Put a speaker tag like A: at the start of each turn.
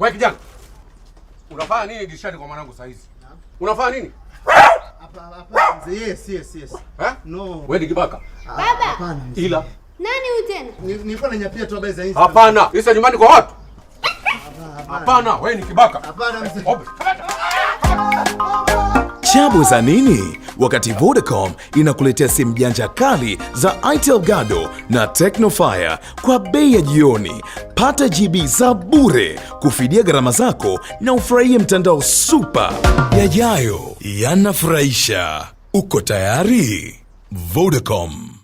A: Wewe kijana. Unafanya nini dirishani kwa mwanangu saa hizi? Unafanya nini?
B: Yes yes yes. Eh? No.
A: Wewe ni kibaka. Ah,
C: baba.
B: Hapana.
A: Ila.
C: Nani huyu tena?
B: Ni Nilikuwa nyapia tu baba za Insta.
A: Hapana. Insta nyumbani kwa watu. Hapana, wewe ni kibaka.
B: Hapana mzee.
D: Chabu za nini? Wakati Vodacom inakuletea simu janja kali za Itel Gado na Tecnofire kwa bei ya jioni. Pata GB za bure kufidia gharama zako na ufurahie mtandao super. Yajayo yanafurahisha. Uko tayari? Vodacom.